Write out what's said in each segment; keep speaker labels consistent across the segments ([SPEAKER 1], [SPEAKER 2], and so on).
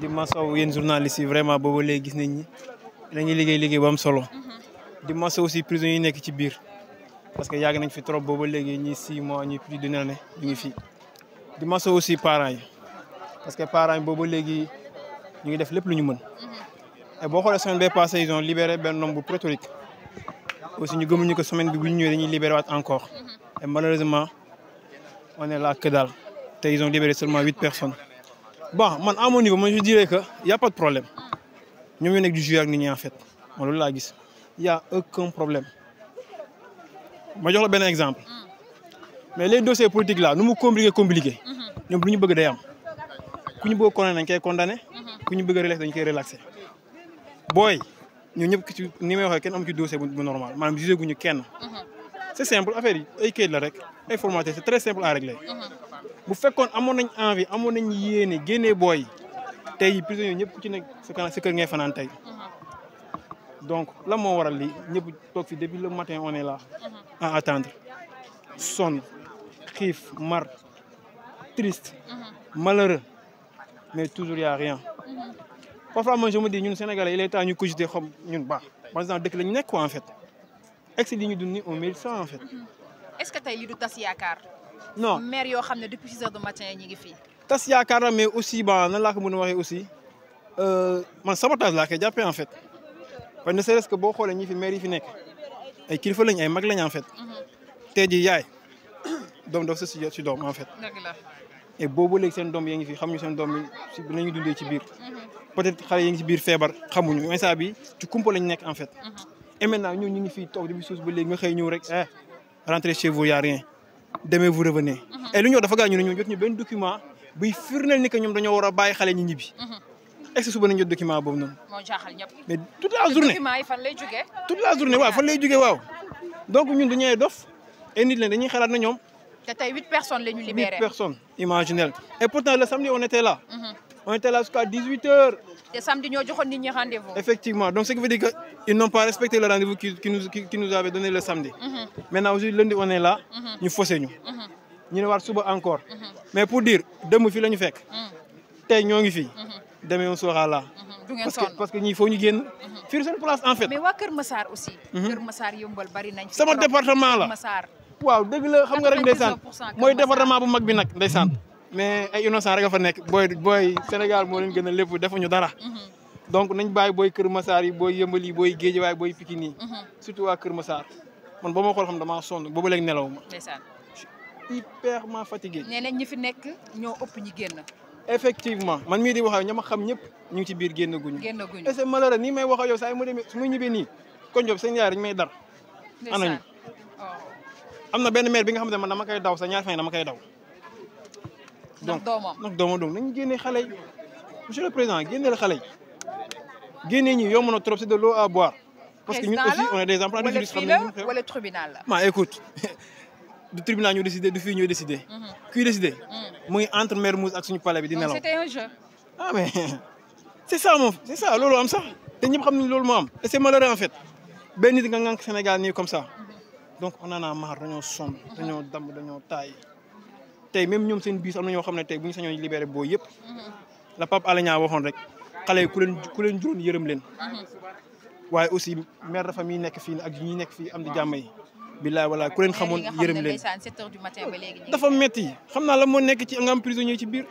[SPEAKER 1] di masaw yéen journalistes yi vraiment booba léegi gis nañ ni dañuy liggéey liggéey bu am solo. Mhm. di masaw aussi prisonniers ñi nekk ci biir. parce que yàgg nañ fi trop booba léegi ñi six mois ñi plus d'une année ñu ngi fii di masaw aussi parent yi parce que parents yi booba léegi ñu ngi def lépp lu ñu mën. Mhm. et boo xoolee semaine bee passée ils ont libéré benn aussi ñu gëmuñu ko semaine bi bu ñu ñëwee dañuy libéré waat encore mhm. et malheureusement on est là que daal te ils ont libéré seulement huit personnes. bon man à mon niveau man je dirais que y' a problème ñoom ñoo nekk di joué ak nit ñi en fait man loolu laa gis ya a aucun problème ma jox la benn exemple mais les dossiers politiques là nu mu compliqué compliqué ñoom lu ñu bëgg day am ku ñu bëgg condamné dañ koy condamné ku ñu bëgg a relaxé dañ koy relaxé booy ñun ñëpp ci ni may waxee kenn am ci dossier bu normal maanaam jugé guñu kenn
[SPEAKER 2] c' est simple affaire yi
[SPEAKER 1] ay kayit la rek ay formalité c' est très simple à régler. bu fekkoon amoon nañu envie amoon nañu yéene génnee booy tey prisonnier ñëpp ku ci nekk sa kanam sa kër ngay fanaan tey donc la moo waral li ñëpp toog fi depuis le matin on la là à attendre sonn xiif mar triste malheureux mais toujours y a rien parfois man je me dis ñun Sénégalais il est ñu cogiter xam ñun baax par exemple dëkk lañu nekk en fait ex li ñu dund un on mérite ça en fait est que tey li du tas yaakaar non maire yoo xam ne depuis six heures du matin ñi ngi fii. tas yaakaar na mais aussi ba nan laa ko mën waxee aussi euh, man sabotage laa koy jàppee en fait parce ne serait-ce boo xoolee ñi fi maire yi fi nekk ay kilifa lañ ay mag lañ en fait. Mhm. tey jii yaay doom daf si si doom en fait. et boobu léegi seen doom yaa ngi fi ñu seen doom yi nañu dundee ci biir. Mhm. peut-être xale ngi si biir feebar xamuñu instant bi ci kumpa lañ nekk en fait. Mhm. et maintenant ñun ñu ngi fii toog depuis suuf ba léegi nga xëy ñëw rek eh rentrez chez demee vous revenez. Mhm. et lu ñu wax dafa gaaw ñu ne ñoom jot ñu benn document buy firndeel ni que ñoom dañoo war a bàyyi xale ñi ñibbi. Mhm. est-ce suba nañu jot document boobu noonu.
[SPEAKER 2] mais toute la journée document
[SPEAKER 1] la journée waaw fan lay jugee waaw. donc ñun du ñëwee dof et nit leen xalaat na ñoom. te tey huit personnes la ñu libéré. huit personnes imaginez et pourtant le samedi on était là. Mhm. on était là dix-huit heures. te samedi ñoo joxoon nit ñi rendez-vous. effectivement donc ce qui veut que ils n'ont pas respecté le rendez qui qui nous qui nous avait donné le mm-hmm. aussi lundi on est mm-hmm. ñu faussé ñu. Mm-hmm. ñu ne waat suba encore. mais pour diir démb fii la ñu fekk. te ñoo ngi fii. demee woon Soxala laa.
[SPEAKER 2] du ngeen parce
[SPEAKER 1] que ñii foo ñu génn. fii seen place en fait. mais waa Kër Massar aussi. Kër Massar yëmbal bari nañ. sama département la Kër Massar. waaw dëgg la xam nga rek ndeysaan mooy département bu mag bi nag ndeysaan. mais ay innocent rek a fa nekk booy booy Sénégal moo leen gën a def defuñu dara.
[SPEAKER 2] Mm-hmm.
[SPEAKER 1] donc nañ bàyyi booy Kër Massar yi booy Yëmbal yi booy Géejawaay booy Pikine yi. Mm-hmm. surtout waa Kër Massar man ba ma xool xam damaa sonn boobu léegi nelaw ma. ndeysaan hyperment fatigué. nee nañ ñi fi nekk ñoo ëpp ñi génn. effectivement man mii di wax ak ña ma xam ñëpp ñu ngi ci biir génn guñu. génn guñu et c'est malheureux nii may wax ak yow saa yi ma demee su ma ñibbee nii kon ñoom seen yaay dañu may dar.
[SPEAKER 2] anañu oh.
[SPEAKER 1] am na benn maire bi nga xam ne man dama koy daw sa ñaar fan koy daw donc nag doomam donc nañu génne xale yi monsieur le président génneel xale yi génne ñi yomb na trop c'est de l'eau à boire. parce que ñun on est des emplois de justice xam nañu xew ma écoute du tribunal ñu décidé du fii mhm. mhm. mu ngi entre Mermoz ak suñu palais bi di nelaw. c'était un jeu. ah mais c'est ça moom c'est am sax te ñëpp xam nañu loolu moo am et c'est en fait benn nit nga ngànk Sénégal nii comme ça mhm. donc on en a marre dañoo sonn dañoo damm dañoo taay. tey même ñoom seen biis am na ñoo xam ne tey bu ñu sañoon libéré boo yëpp mm-hmm. la Pape Alé Niang waxoon rek xale yi ku leen ku leen juróon yërëm leen
[SPEAKER 2] mm-hmm.
[SPEAKER 1] waaye aussi mère de yi nekk fii ak ñu nekk fii am di jàmm yi billaay ku leen xamoon yërëm leen dafa metti xam naa la moo nekk ci nga am prisonnier ci biir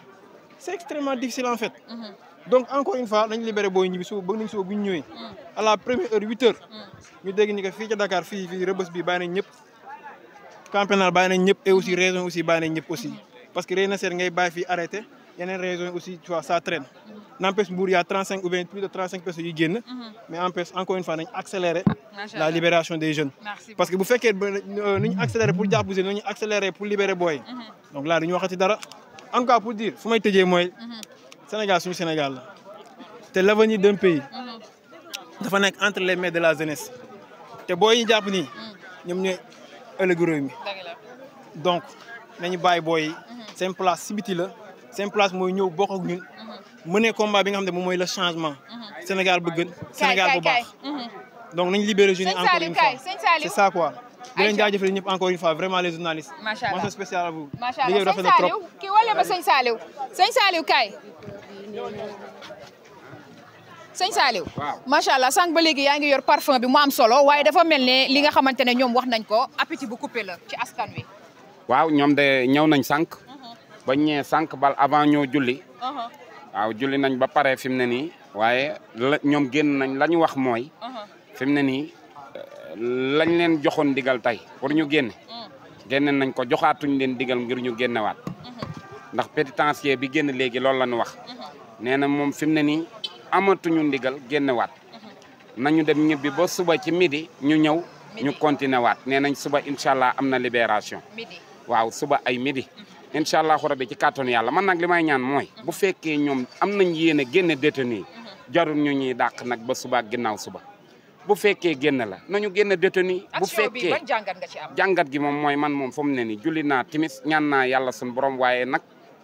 [SPEAKER 1] c'est extrêmement difficile en fait mm-hmm. donc encore une fois nañ libéré booy ñibbi suba bëgg nañ suba bu ñu ñëwee mm. à la première heure huit heures mm. ñu dégg ni que fii ca Dakar fii fii rëbës bi bàyyi nañ ñëpp camp pénal bàyyi nañ aussi raison aussi bàyyi nañ ñëpp aussi parce que Reyna ngay bàyyi fii arrêté yeneen raison aussi tu vois ça traîne n'empêche Mbour y a 35 ou bien plus de 35 personnes yu génn mhm. mais empêche encore une fois accélérer la libération des jeunes parce que bu fekkee euh, nu ñu accélérer pour jàpp booy mhm. donc là waxati dara en cas pour dire fu may tëjee mooy mhm. Sénégal suñu Sénégal la te l'avenir d'un pays dafa nekk entre les ëllëgu réew mi donc nañu bàyyi booy mhm. seen place si la seen place mooy ñëw bokk ak ñun mënee mhm. combat bi nga xam ne moom mooy la changement mhm. Sénégal bu gën Sénégal bu baax donc nañu libéré jeunes encore une fois c'est a quoi di leen jaajëfal ñëpp encore une fois vraiment les journalistes. macha allah mention spéciale sëñ Saliou macha allah sànq ba léegi yaa ngi yor parfum bi mu am solo waaye dafa mel ne li nga xamante ne ñoom wax nañ ko appétit bu coupé la ci askan wi.
[SPEAKER 3] waaw ñoom de ñëw nañ sànq. Uh-huh. bañ ñëwee sànq bal avant ñoo julli. Uh-huh. waaw julli nañ ba pare fi mu ne nii waaye la ñoom génn nañ la ñu wax mooy. Uh-huh. fi ne nii euh, lañ leen joxoon digal tey pour ñu génne. Mm. génne nañ ko joxaatuñ leen digal ngir ñu génnewaat. ndax pénitencier bi génn léegi loolu la ñu wax. nee moom fi ne nii. amatuñu ndigal génn waat nañu dem ñibbi ba suba ci midi ñu ñëw ñu continuer waat nee nañ suba incha allah am na libération waaw suba ay midi mhm. incha allahu rabi ci kàttanu yàlla man nag li may ñaan mooy bu mhm. fekkee ñoom am nañ yéen a génne détenu yi mhm. ñu ñuy dàq nag ba suba ginnaaw suba bu fekkee génn la nañu génn détenu bu fekkee jàngat gi moom mooy man moom fu mu ne nii juli naa timis ñan naa yàlla suñu borom waaye nag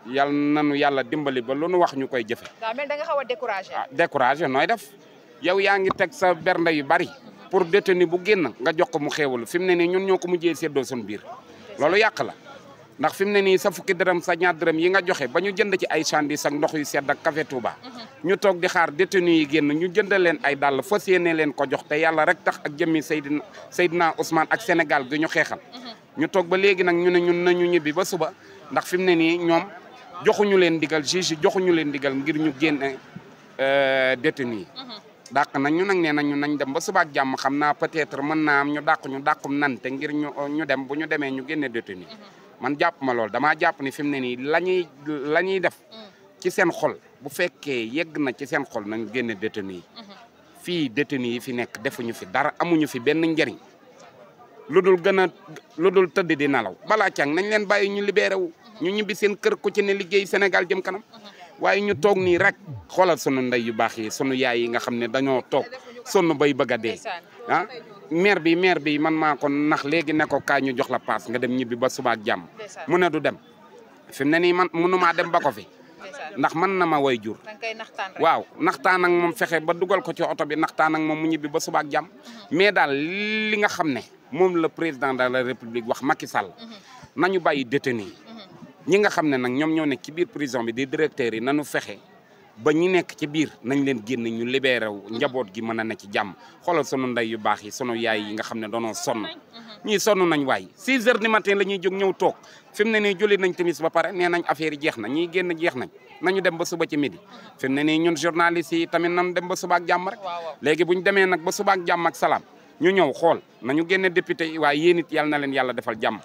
[SPEAKER 3] yal nanu yàlla dimbali ba lu nu wax ñu koy jëfe daa a découragé. ah nooy def yow yaa ngi teg sa bernde yu bari pour détenu bu génn nga jox ko mu xéewalu fi mu ne nii ñun ñoo ko mujjee séddoo suñu biir loolu yàq la ndax fi mu ne nii sa fukki dërëm sa ñaar dërëm yi nga joxe ba ñu jënd ci ay chandise ak ndox yu sedd ak café Touba mhm. ñu toog di xaar détenu yi génn ñu jëndal leen ay dàll fas yéene leen ko jox te yàlla rek tax ak jëmmi Seydina Seydina Ousmane ak Sénégal gi ñu xeexal mhm. ñu toog léegi nag ñu ne ba suba ndax fi ne nii ñoom joxuñu leen digal juge joxuñu leen digal ngir ñu génne euh, détenu yi dàq nañ ñu nag nee nañ ñu nañ dem ba subaak jàmm xam naa peut-être mën naa am ñu dàq ñu dàqum nante ngir ñu ñu dem bu ñu demee ñu génne détenu man jàpp ma lool damaa jàpp ni fi mu ne nii la ñuy la ñuy def ci seen xol bu fekkee yegg na ci seen xol nañ génne détenu yi fii détenu yi fi nekk defuñu fi dara amuñu fi benn njëriñ lu dul gën a lu dul tëdd di nalaw balaa càng nañ leen bàyyi ñu libéré ñu ñibbi seen kër ku ci ne liggéey Sénégal jëm kanam waaye ñu toog nii rek xoolal sunu ndey yu baax yi sunu yaay yi nga xam ne dañoo toog sonn bay bëgg a dee ah maire bi maire bi man maa ko nax léegi ne ko kaa ñu jox la paas nga dem ñibbi ba suba ak jàmm mu ne du dem fi ne nii man mënumaa dem ba ko fi ndax mën na ma way jur waaw naxtaan ak moom fexe ba dugal ko ci oto bi naxtaan ak moom mu ñibbi ba suba ak jàmm mhm. mais daal li nga xam ne moom la président de la république wax Macky Sall mhm. nañu bàyyi détenu ñi nga xam ne nag ñoom ñoo ne ci biir prison bi di directeur yi nanu fexe ba ñu nekk ci biir nañ leen génn ñu libéré wu njaboot gi mën na ne ci jàmm xoolal sunu ndey yu baax yi sunu yaay yi nga xam ne doonoo sonn ñii sonn nañ waay si heures du matin la ñuy jóg ñëw toog fi mu ne nii julli nañ timis ba pare nee nañ affaire jeex na ñii génn jeex nañ nañu dem ba suba ci midi fi mu ne nii ñun journaliste tamit nan dem ba suba ak jàmm rek léegi bu ñu demee nag ba suba ak jàmm ak salaam ñu ñëw xool nañu génne député yi waaye yéen it yal na leen yàlla defal jàmm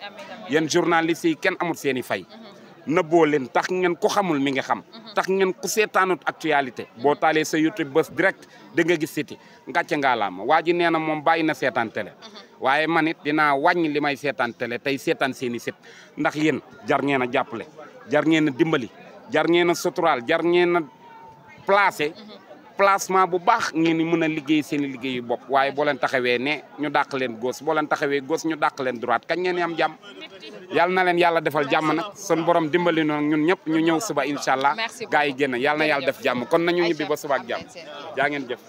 [SPEAKER 3] yéen journaliste yi kenn amul seeni i fay mhm. nëbboo leen tax ngeen ko xamul mi nga xam mhm. tax ngeen ku seetaanut actualité mhm. boo taalee sa YouTube bés direct da nga gis siti ngàcce ngaalaama waa ji nee na moom bàyyi na seetaan télé waaye man it dinaa wàññi li may seetaan télé tey seetaan seeni i sit ndax yéen jar ngeen a jàppale jar ngeen a dimbali jar ngeen a suturaal jar ngeen a placé placement bu baax ngeen ni mën a liggéey seen i liggéeyu bopp waaye boo leen taxawee ne ñu dàq leen gauche boo leen taxawee gauche ñu dàq leen droite kañ ngeen am jàmm yal na leen yàlla defal jàmm nag sun borom dimbali noonu ñun ñëpp ñu ñëw suba incha allah gaa yi génn yal na yàlla def jàmm kon nañu ñibbi ba suba ak jàmm jaa ngeen jëf